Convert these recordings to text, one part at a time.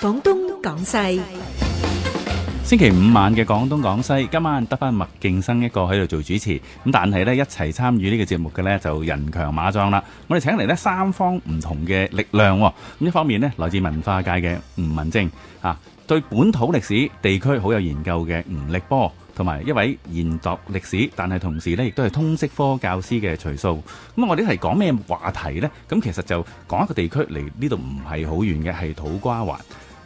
廣東廣西，星期五晚嘅廣東廣西，今晚得返麥勁生一個喺度做主持，咁但係呢一齊參與呢個節目嘅呢，就人強馬壯啦。我哋請嚟呢三方唔同嘅力量，咁一方面呢，來自文化界嘅吳文正啊，對本土歷史地區好有研究嘅吳力波，同埋一位研讀歷史但係同時呢亦都係通識科教師嘅徐溯。咁我哋係講咩話題呢？咁其實就講一個地區離呢度唔係好遠嘅，係土瓜灣。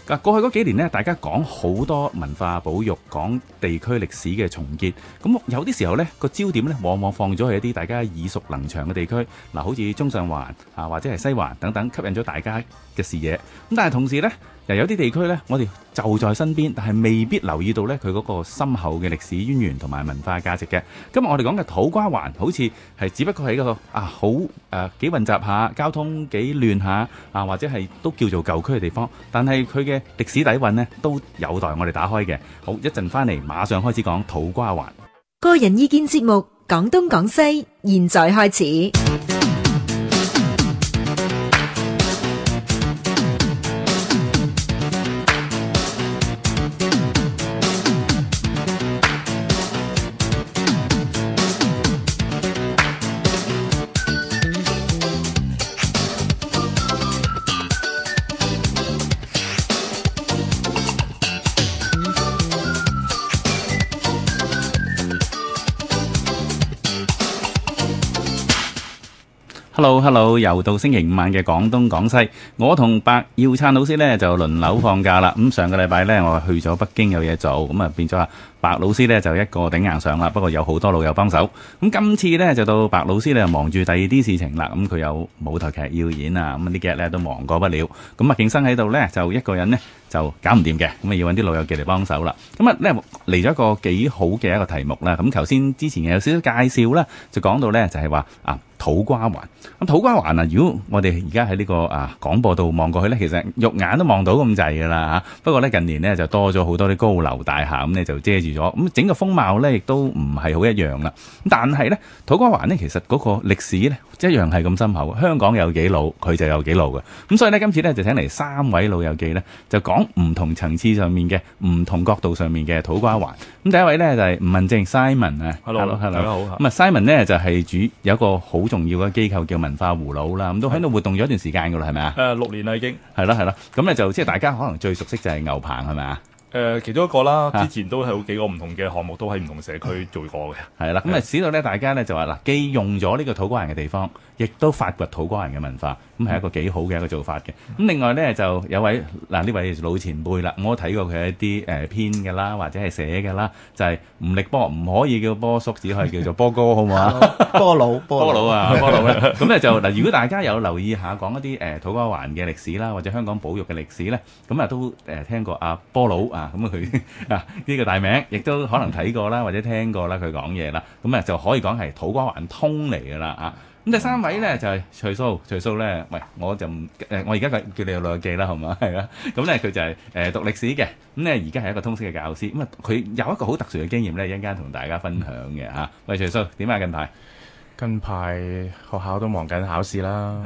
嗱，過去嗰幾年咧，大家講好多文化保育，講地區歷史嘅重建，咁有啲時候咧，個焦點咧，往往放咗喺一啲大家耳熟能詳嘅地區，嗱，好似中上環啊，或者係西環等等，吸引咗大家嘅視野，咁但係同時呢。啊、有啲地區呢，我哋就在身邊，但係未必留意到呢。佢嗰個深厚嘅歷史淵源同埋文化價值嘅。今日我哋講嘅土瓜灣，好似係只不過係一個啊好誒、啊、幾混雜下、交通幾亂下啊，或者係都叫做舊區嘅地方，但係佢嘅歷史底藴呢，都有待我哋打開嘅。好，一陣返嚟，馬上開始講土瓜灣。個人意見節目《講東講西》，現在開始。hello hello，又到星期五晚嘅廣東廣西，我同白耀燦老師呢就輪流放假啦。咁上個禮拜呢，我去咗北京有嘢做，咁啊變咗啊白老師呢就一個頂硬上啦。不過有好多老友幫手。咁今次呢就到白老師呢忙住第二啲事情啦。咁佢有舞台劇要演啊，咁呢幾日呢都忙過不了。咁啊勁生喺度呢就一個人呢就搞唔掂嘅，咁啊要揾啲老友記嚟幫手啦。咁啊呢嚟咗一個幾好嘅一個題目啦。咁頭先之前有少少介紹啦，就講到呢就係話啊。土瓜灣，咁土瓜灣啊！如果我哋而家喺呢個啊廣播道望過去呢，其實肉眼都望到咁滯噶啦嚇。不過咧近年呢，就多咗好多啲高樓大廈咁咧、嗯、就遮住咗，咁整個風貌呢，亦都唔係好一樣啦。但係呢，土瓜灣呢，其實嗰個歷史呢，一樣係咁深厚，香港有幾老佢就有幾老嘅。咁、嗯、所以呢，今次呢，就請嚟三位老友記呢，就講唔同層次上面嘅、唔同角度上面嘅土瓜灣。咁、嗯、第一位呢，就係、是、吳文正 Simon 啊 S imon,，hello，大家好。咁啊 Simon 呢，就係、是、主有一個好。重要嘅機構叫文化葫老蘆啦，咁的都喺度活動咗一段時間噶啦，係咪啊？誒，六年啦已經，係啦係啦，咁咧就即係大家可能最熟悉就係牛棚係咪啊？誒，其中一個啦，之前都有幾個唔同嘅項目，都喺唔同社區做過嘅。係啦，咁、嗯、啊，的使到咧，大家咧就話嗱，既用咗呢個土瓜灣嘅地方，亦都發掘土瓜灣嘅文化，咁係一個幾好嘅一個做法嘅。咁、嗯、另外咧，就有位嗱呢、啊、位老前輩啦，我睇過佢一啲誒、呃、編嘅啦，或者係寫嘅啦，就係、是、吳力波唔可以叫波叔，只可以叫做波哥，好唔好啊？波佬波佬啊，波佬、 嗯。咁咧就嗱，如果大家有留意下講一啲誒、嗯、土瓜灣嘅歷史啦，或者香港保育嘅歷史咧，咁、嗯、啊、嗯、都誒聽過阿波佬。啊。咁、嗯、啊，佢啊呢個大名，亦都可能睇過啦，或者聽過啦，佢講嘢啦，咁、嗯、啊就可以講係土瓜灣通嚟噶啦啊！咁、嗯、第三位咧就係、是、徐溯，徐溯咧，喂，我就誒、呃，我而家叫叫你落去記啦，好嘛，係啦、啊，咁咧佢就係誒讀歷史嘅，咁咧而家係一個通識嘅教師，咁啊佢有一個好特殊嘅經驗咧，一陣間同大家分享嘅吓、啊。喂，徐溯，點啊近排？近排學校都忙緊考試啦，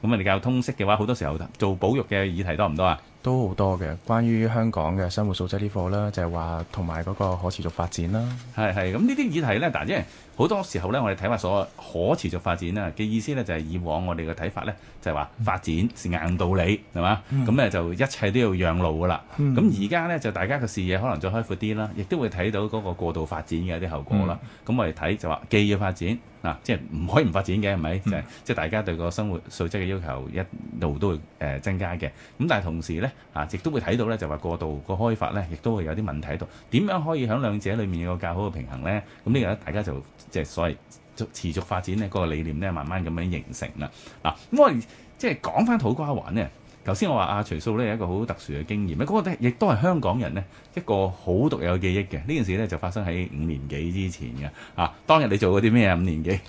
咁啊你教通識嘅話，好多時候做保育嘅議題多唔多啊？都好多嘅，關於香港嘅生活素質呢課啦，就係話同埋嗰個可持續發展啦。係係咁呢啲議題咧，但係好多時候咧，我哋睇法所可持續發展咧嘅意思咧，就係、是、以往我哋嘅睇法咧，就係、是、話發展是硬道理，係嘛？咁咧、嗯、就一切都要讓路噶啦。咁而家咧就大家嘅視野可能再開闊啲啦，亦都會睇到嗰個過度發展嘅一啲後果啦。咁、嗯、我哋睇就話，既要發展啊，即係唔可以唔發展嘅，係咪？即係即係大家對個生活素質嘅要求一路都誒、呃、增加嘅。咁但係同時咧啊，亦都會睇到咧，就話過度個開發咧，亦都會有啲問題喺度。點樣可以喺兩者裡面有個較好嘅平衡咧？咁呢個咧，大家就即係所謂續持續發展呢嗰個理念咧，慢慢咁樣形成啦。嗱，咁我即係講翻土瓜灣咧。頭先我話阿徐溯咧有一個好特殊嘅經驗，嗰個咧亦都係香港人咧一個好獨有嘅記憶嘅。呢件事咧就發生喺五年幾之前嘅。啊，當日你做過啲咩啊？五年幾？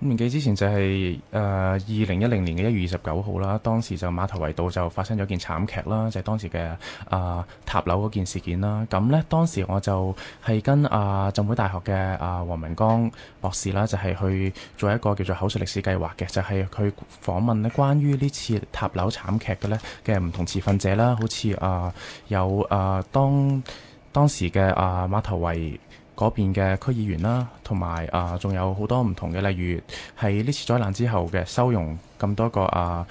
年紀之前就係誒二零一零年嘅一月二十九號啦，當時就馬頭圍道就發生咗件慘劇啦，就係、是、當時嘅啊、呃、塔樓嗰件事件啦。咁呢，當時我就係跟啊浸、呃、會大學嘅啊黃明光博士啦，就係、是、去做一個叫做口述歷史計劃嘅，就係、是、佢訪問咧關於呢次塔樓慘劇嘅呢嘅唔同持份者啦，好似啊有啊當當時嘅啊、呃、馬頭圍。嗰邊嘅區議員啦，呃、同埋啊，仲有好多唔同嘅，例如喺呢次災難之後嘅收容咁多個啊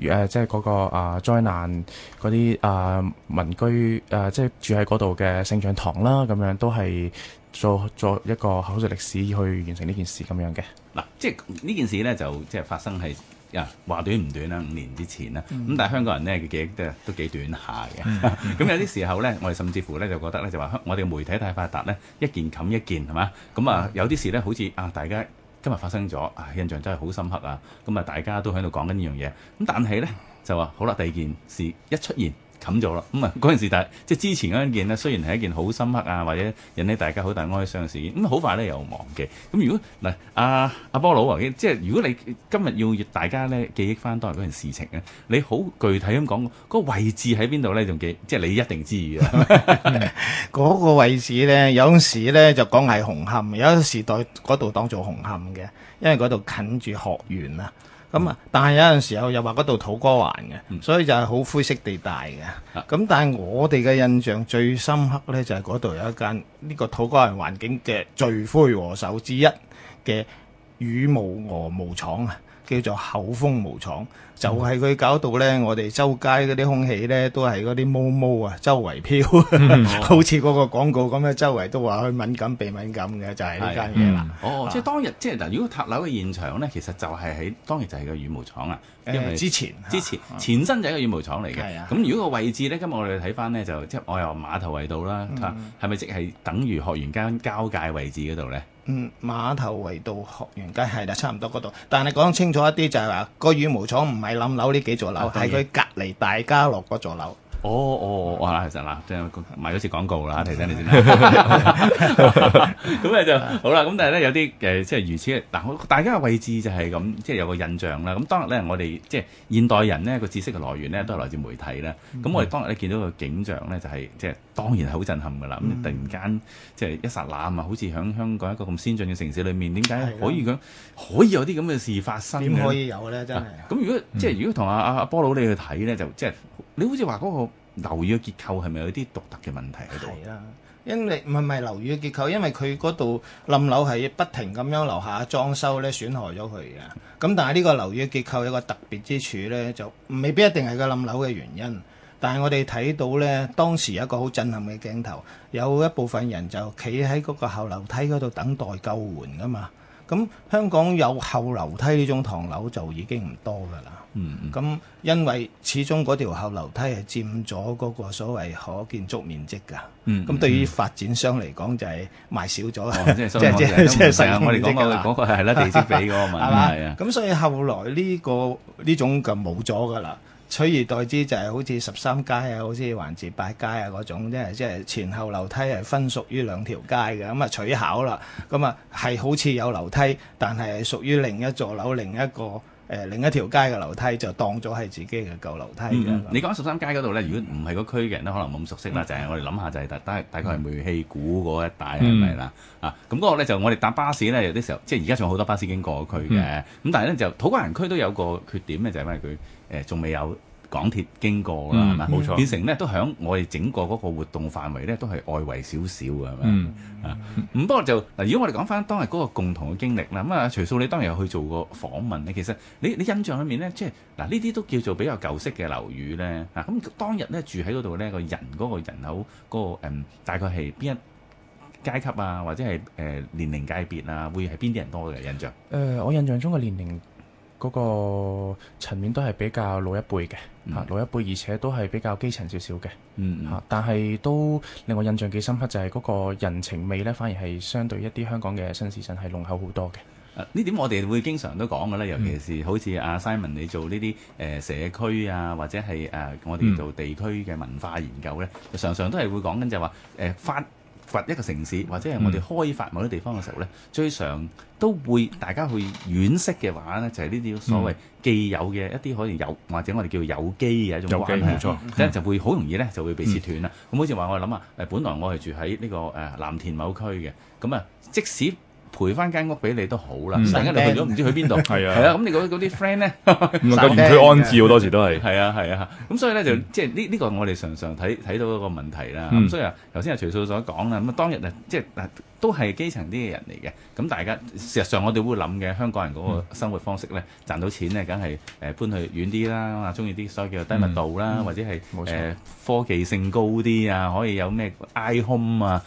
誒、呃呃，即係嗰啊災難嗰啲啊民居誒、呃，即係住喺嗰度嘅聖像堂啦，咁樣都係做做一個口述歷史去完成呢件事咁樣嘅。嗱、啊，即係呢件事咧就即係發生係。啊，yeah, 話短唔短啦，五年之前啦，咁、嗯、但係香港人咧，記憶都都幾短下嘅。咁、嗯嗯、 有啲時候咧，我哋甚至乎咧就覺得咧，就話我哋媒體太發達咧，一件冚一件係嘛。咁啊，嗯、有啲事咧，好似啊，大家今日發生咗，啊印象真係好深刻啊。咁啊，大家都喺度講緊呢樣嘢。咁但係咧，就話好啦，第二件事一出現。冚咗啦，咁啊，嗰陣時，但係即係之前嗰件呢，雖然係一件好深刻啊，或者引起大家好大哀傷嘅事件，咁、嗯、好快咧又忘記。咁如果嗱阿阿波佬啊，啊即係如果你今日要大家咧記憶翻當日嗰件事情咧，你好具體咁講、個位置喺邊度咧，仲記即係你一定知嘅。嗰 個位置咧，有時咧就講係紅磡，有陣時代嗰度當做紅磡嘅，因為嗰度近住學園啊。咁啊，嗯、但係有陣時候又話嗰度土瓜灣嘅，嗯、所以就係好灰色地帶嘅。咁、嗯、但係我哋嘅印象最深刻咧，就係嗰度有一間呢、呢個土瓜灣環境嘅罪魁禍首之一嘅羽毛鵝毛廠啊。叫做口風毛廠，就係、是、佢搞到咧，我哋周街嗰啲空氣咧都係嗰啲毛毛啊，周圍飄， 好似嗰個廣告咁樣，周圍都話佢敏感鼻敏感嘅，就係呢間嘢啦。的嗯、哦，哦即係當日、啊、即係嗱，如果塔樓嘅現場咧，其實就係喺當然就係個羽毛廠啊。因為之前之前前身就係個羽毛廠嚟嘅。咁、啊、如果個位置咧，今日我哋睇翻咧就即係我由馬頭圍道啦，嚇係咪即係等於鶴園街交界位置嗰度咧？嗯，馬頭圍道鶴園街係啦，差唔多嗰度，但係講清楚一啲就係話個羽毛廠唔係冧樓呢幾座樓，係佢、哦、隔離大家樂嗰座樓。然哦，哦哦，哦，哇、哎！其實嗱，即係賣好似廣告啦，提醒你先。咁咧就好啦。咁但係咧有啲誒，即係如此嗱。大家嘅位置就係咁，即係有個印象啦。咁當日咧，我哋即係現代人呢個知識嘅來源咧，都係來自媒體咧。咁、嗯嗯、我哋當日咧、嗯、見到個景象咧，就係即係當然係好震撼㗎啦。咁、嗯、突然間即係一剎那啊，好似喺香港一個咁先進嘅城市裏面，點解可以咁對可以有啲咁嘅事發生？點可以有咧？真係。咁如果即係如果同阿阿波魯你去睇咧，就即係。你好似話嗰個樓宇嘅結構係咪有啲獨特嘅問題喺度？係啊，因為唔係唔係樓宇嘅結構，因為佢嗰度冧樓係不停咁樣樓下裝修咧損害咗佢嘅。咁但係呢個樓宇嘅結構有個特別之處咧，就未必一定係個冧樓嘅原因。但係我哋睇到咧，當時有一個好震撼嘅鏡頭，有一部分人就企喺嗰個後樓梯嗰度等待救援噶嘛。咁香港有後樓梯呢種唐樓就已經唔多噶啦。嗯，咁因為始終嗰條後樓梯係佔咗嗰個所謂可建築面積噶，咁對於發展商嚟講就係賣少咗啊！即係即係即係，我哋講個講個係啦，地積比嗰個問題啊。咁所以後來呢個呢種就冇咗噶啦，取而代之就係好似十三街啊，好似環節八街啊嗰種，即係即係前後樓梯係分屬於兩條街嘅，咁啊取巧啦，咁啊係好似有樓梯，但係屬於另一座樓另一個。誒另一條街嘅樓梯就當咗係自己嘅舊樓梯嘅。嗯、樣你講十三街嗰度咧，如果唔係嗰區嘅人都可能冇咁熟悉啦。嗯、就係我哋諗下，就係、是、大大概係煤氣鼓嗰一帶係咪啦？嗯、是是啊，咁、那、嗰個咧就我哋搭巴士咧，有啲時候即係而家仲有好多巴士經過嗰區嘅。咁、嗯、但係咧就土瓜灣區都有個缺點咧，就係、是、因為佢誒仲未有。港鐵經過啦，係嘛、嗯？冇錯，變成咧都喺我哋整個嗰個活動範圍咧，都係外圍少少㗎嘛。啊，咁不過就嗱，如果我哋講翻當日嗰個共同嘅經歷啦，咁啊，徐溯你當日有去做過訪問，你其實你你印象裏面咧，即係嗱呢啲都叫做比較舊式嘅樓宇咧嚇。咁、啊、當日咧住喺嗰度咧個人嗰個人口嗰、嗰個、嗯、大概係邊一階級啊，或者係誒、呃、年齡界別啊，會係邊啲人多嘅印象？誒、呃，我印象中嘅年齡。嗰個層面都係比較老一輩嘅嚇，嗯、老一輩，而且都係比較基層少少嘅嚇。嗯嗯、但係都令我印象幾深刻，就係嗰個人情味呢，反而係相對一啲香港嘅新市鎮係濃厚好多嘅。呢、啊、點我哋會經常都講嘅咧，尤其是好似阿 Simon 你做呢啲誒社區啊，或者係誒、呃、我哋做地區嘅文化研究咧，嗯、常常都係會講緊就話誒、呃、翻一個城市，或者係我哋開發某啲地方嘅時候呢、嗯、最常都會大家去惋惜嘅話呢，就係呢啲所謂既有嘅一啲可能有或者我哋叫做有機嘅一種關係，冇錯、即係、嗯、就會好容易呢就會被切斷啦。咁、嗯、好似話我哋諗啊，誒，本來我係住喺呢、這個誒、呃、藍田某區嘅，咁啊，即使陪翻間屋俾你都好啦，嗯、突然去咗唔知去邊度，係、嗯、啊，係啊，咁 你嗰啲 friend 咧，唔 夠原區安置好多時都係，係啊係啊，咁、啊啊、所以咧、嗯、就即係呢呢個我哋常常睇睇到一個問題啦，咁、嗯、所以啊頭先阿徐溯所講啦，咁啊當日啊即係都係基層啲嘅人嚟嘅，咁大家事實上我哋會諗嘅香港人嗰個生活方式咧，賺到錢咧，梗係誒搬去遠啲啦，啊中意啲所謂叫做低密度啦，嗯嗯、或者係誒冇錯、呃、科技性高啲啊，可以有咩 iPhone 啊，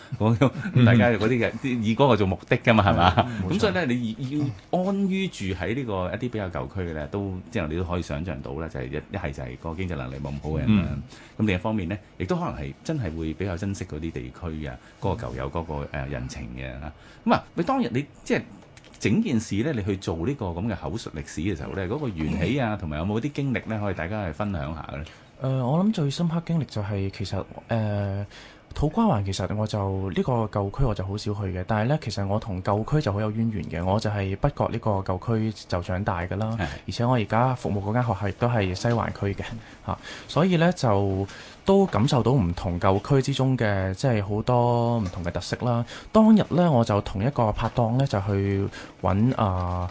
嗯、大家嗰啲嘅以嗰個做目的㗎嘛，係嘛？咁、嗯、所以咧，你要安於住喺呢個一啲比較舊區嘅咧，都即係你都可以想象到咧、就是，就係一一係就係嗰個經濟能力冇咁好嘅咁、啊嗯、另一方面咧，亦都可能係真係會比較珍惜嗰啲地區啊，嗰、嗰個舊友嗰、嗰個嗰個人情。嘅嚇，咁啊，你當日你即係整件事咧，你去做呢個咁嘅口述歷史嘅時候咧，嗰個緣起啊，同埋有冇啲經歷咧，可以大家去分享下咧？誒，我諗最深刻經歷就係、是、其實誒。呃土瓜灣其實我就呢、這個舊區我就好少去嘅，但係呢，其實我同舊區就好有淵源嘅，我就係北角呢個舊區就長大噶啦，而且我而家服務嗰間學校亦都係西環區嘅，嚇、啊，所以呢，就都感受到唔同舊區之中嘅即係好多唔同嘅特色啦。當日呢，我就同一個拍檔呢，就去揾啊。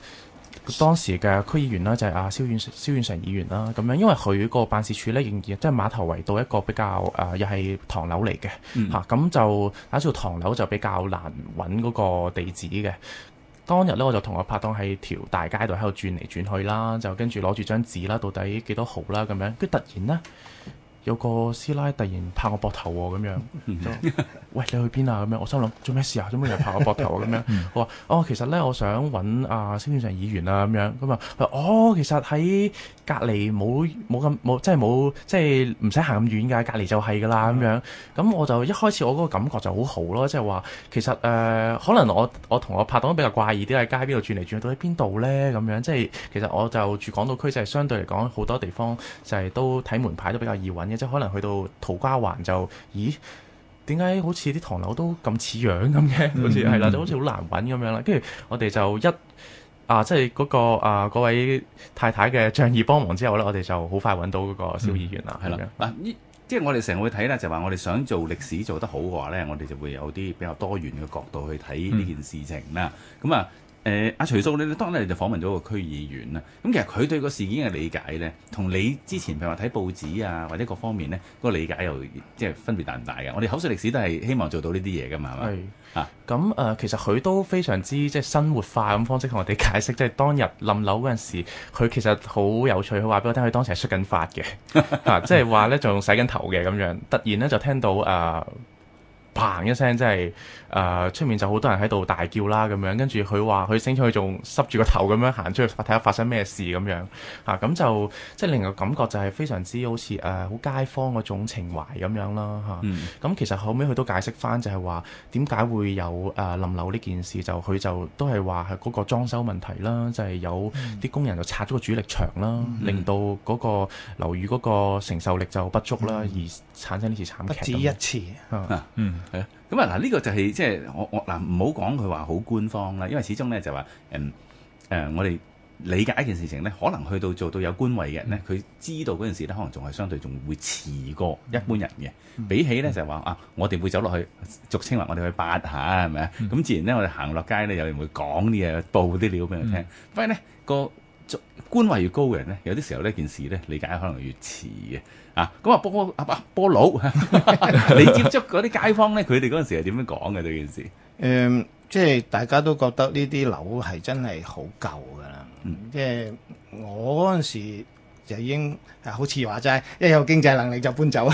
當時嘅區議員呢就係、是、阿、啊、蕭遠蕭遠成議員啦，咁樣，因為佢個辦事處呢，仍然即係碼頭圍到一個比較誒，又係唐樓嚟嘅嚇，咁、嗯啊、就打紹唐樓就比較難揾嗰個地址嘅。當日呢，我就同我拍檔喺條大街度喺度轉嚟轉去啦，就跟住攞住張紙啦，到底幾多號啦咁樣，佢突然呢。有個師奶突然拍我膊頭喎，咁樣， 喂，你去邊啊？咁樣，我心諗做咩事啊？做咩又拍我膊頭啊？咁樣， 我話哦，其實咧，我想揾啊，先長議員啊，咁樣，咁啊，哦，其實喺隔離冇冇咁冇，即係冇即係唔使行咁遠㗎，隔離就係㗎啦，咁樣，咁我就一開始我嗰個感覺就好好咯，即係話其實誒、呃，可能我我同我拍檔都比較怪異啲，喺街邊度轉嚟轉去，到喺邊度咧？咁樣，即係其實我就住港島區，就係相對嚟講好多地方就係都睇門牌都比較易揾。即係可能去到土瓜灣就，咦？點解好似啲唐樓都咁似樣咁嘅？嗯、好似係啦，就好似好難揾咁樣啦。跟住我哋就一啊，即係嗰個啊嗰位太太嘅仗義幫忙之後呢，我哋就好快揾到嗰個蕭議員啦，係啦、嗯。嗱吧、啊，即係我哋成日會睇呢，就話我哋想做歷史做得好嘅話呢，我哋就會有啲比較多元嘅角度去睇呢件事情啦。咁、嗯、啊～阿徐叔，你你當然咧就訪問咗個區議員啦。咁其實佢對個事件嘅理解咧，同你之前譬如話睇報紙啊，或者各方面呢個理解又即係分別大唔大嘅？我哋口述歷史都係希望做到呢啲嘢噶嘛，係嘛是？咁誒、啊呃，其實佢都非常之即係生活化咁方式同我哋解釋，即、就、係、是、當日冧樓嗰陣時，佢其實好有趣。佢話俾我聽，佢當時係出緊髮嘅，即係話呢仲洗緊頭嘅咁樣，突然呢就聽到誒。呃嘭一聲，即係誒出面就好多人喺度大叫啦咁樣，跟住佢話佢升出去仲濕住個頭咁樣行出去睇下發生咩事咁樣嚇，咁、啊、就即係令我感覺就係非常之好似誒好街坊嗰種情懷咁樣啦嚇。咁、啊嗯啊、其實後尾佢都解釋返就係話點解會有誒冧樓呢件事，就佢就都係話係嗰個裝修問題啦、啊，就係、是、有啲工人就拆咗個主力牆啦、啊，令到嗰個樓宇嗰個承受力就不足啦、啊，而產生呢次慘劇。不止一次，嗯。嗯啊嗯係啊，咁啊嗱，呢、這個就係即係我我嗱，唔好講佢話好官方啦，因為始終咧就話，嗯誒、呃，我哋理解一件事情咧，可能去到做到有官位嘅人咧，佢、嗯、知道嗰陣時咧，可能仲係相對仲會遲過一般人嘅，嗯、比起咧、嗯、就話啊，我哋會走落去，俗稱話我哋去八下係咪啊？咁、嗯、自然咧，我哋行落街咧，有人會講啲嘢，報啲料俾佢聽，不過咧個。官位越高嘅人咧，有啲時候呢件事咧理解可能越遲嘅啊。咁啊波波阿、啊、波佬， 你接觸嗰啲街坊咧，佢哋嗰陣時係點樣講嘅對件事？誒、嗯，即係大家都覺得呢啲樓係真係好舊噶啦。嗯、即係我嗰陣時。就已經啊，好似話齋，一有經濟能力就搬走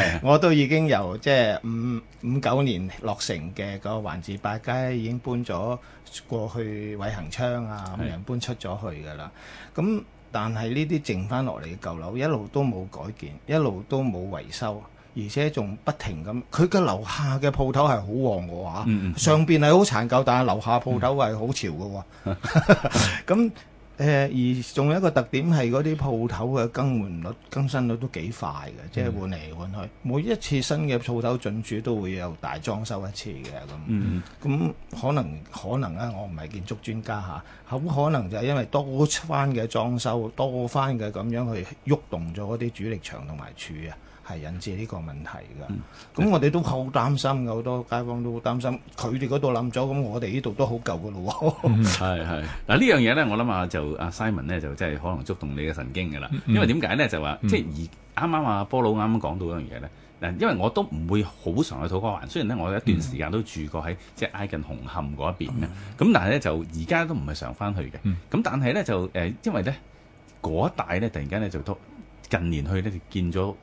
我都已經由即係五五九年落成嘅嗰個環字八街已經搬咗過去偉恆昌啊，咁樣 搬出咗去㗎啦。咁但係呢啲剩翻落嚟嘅舊樓，一路都冇改建，一路都冇維修，而且仲不停咁。佢嘅樓下嘅鋪頭係好旺嘅喎，上邊係好殘舊，但係樓下鋪頭係好潮嘅喎。咁 誒、呃、而仲有一個特點係嗰啲鋪頭嘅更換率、更新率都幾快嘅，嗯、即係換嚟換去。每一次新嘅鋪頭進駐都會有大裝修一次嘅咁。咁、嗯、可能可能咧，我唔係建築專家吓，好可能就係因為多番嘅裝修、多番嘅咁樣去喐動咗嗰啲主力牆同埋柱啊。係引致呢個問題㗎，咁我哋都好擔心，好多街坊都好擔心。佢哋嗰度諗咗，咁我哋呢度都好舊㗎咯。係係，嗱呢樣嘢咧，我諗下就阿、啊、Simon 咧就真係可能觸動你嘅神經㗎啦。因為點解咧就話即係而啱啱啊波魯啱啱講到一樣嘢咧，因為我都唔會好常去土瓜灣，雖然咧我有一段時間都住過喺即係挨近紅磡嗰一邊嘅，咁、mm hmm. 但係咧就而家都唔係常翻去嘅。咁、mm hmm. 但係咧就誒，因為咧嗰一帶咧突然間咧就近年去咧就見咗。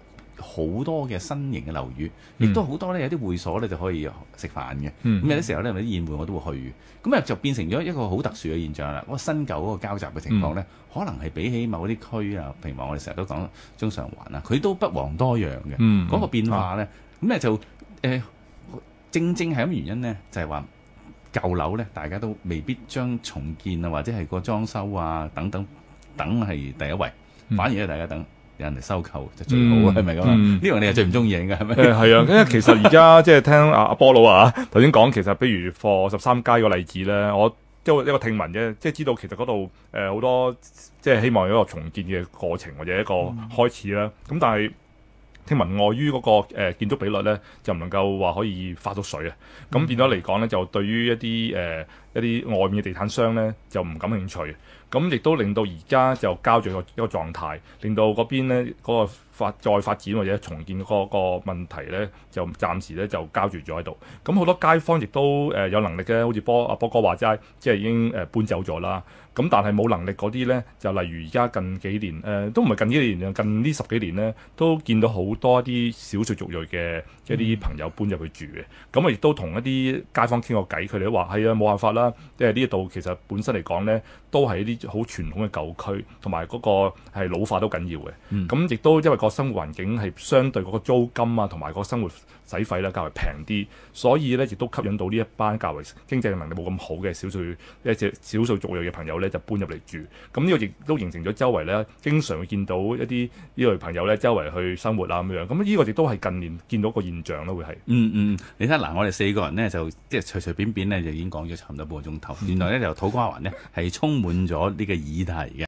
好多嘅新型嘅樓宇，亦都好多咧有啲會所咧就可以食飯嘅。咁、嗯嗯、有啲時候咧，啲宴會我都會去。咁啊就變成咗一個好特殊嘅現象啦。哇，新舊嗰個交集嘅情況咧，可能係比起某啲區啊，譬如話我哋成日都講中上環啊，佢都不遑多讓嘅。嗰、嗯嗯、個變化咧，咁咧、啊、就誒、呃、正正係咁原因咧，就係、是、話舊樓咧，大家都未必將重建啊，或者係個裝修啊等等等係第一位，反而咧大家等。嗯人哋收購就最好，係咪咁啊？呢樣你係最唔中意影嘅，應該係咪？係啊，因為其實而家即係聽阿阿波佬啊頭先講，其實比如貨十三街個例子咧，我即係一個聽聞啫，即係知道其實嗰度誒好多即係、呃、希望有一個重建嘅過程或者一個開始啦。咁但係。聽聞礙於嗰、那個、呃、建築比率咧，就唔能夠話可以發到水啊。咁變咗嚟講咧，就對於一啲誒、呃、一啲外面嘅地產商咧，就唔感興趣。咁亦都令到而家就交咗個一個狀態，令到嗰邊咧嗰、那個發再發展或者重建嗰個問題咧，就暫時咧就交住咗喺度。咁好多街坊亦都誒有能力嘅，好似波阿波哥話齋，即係已經誒搬走咗啦。咁但係冇能力嗰啲咧，就例如而家近幾年誒、呃，都唔係近幾年，近呢十幾年咧，都見到好多一啲少數族裔嘅即係一啲朋友搬入去住嘅。咁啊、嗯，亦都同一啲街坊傾過偈，佢哋都話係啊，冇、哎、辦法啦。即係呢度其實本身嚟講咧，都係一啲好傳統嘅舊區，同埋嗰個係老化都緊要嘅。咁亦都因為，個生活環境係相對嗰個租金啊，同埋嗰個生活使費咧較為平啲，所以咧亦都吸引到呢一班較為經濟能力冇咁好嘅少數一隻少數族裔嘅朋友咧就搬入嚟住。咁呢個亦都形成咗周圍咧，經常會見到一啲呢類朋友咧周圍去生活啦咁樣。咁呢個亦都係近年見到個現象咯，會係。嗯嗯，你睇嗱，我哋四個人咧就即係隨隨便便咧就已經講咗差唔多半個鐘頭。原來咧就土瓜灣咧係充滿咗呢個議題嘅。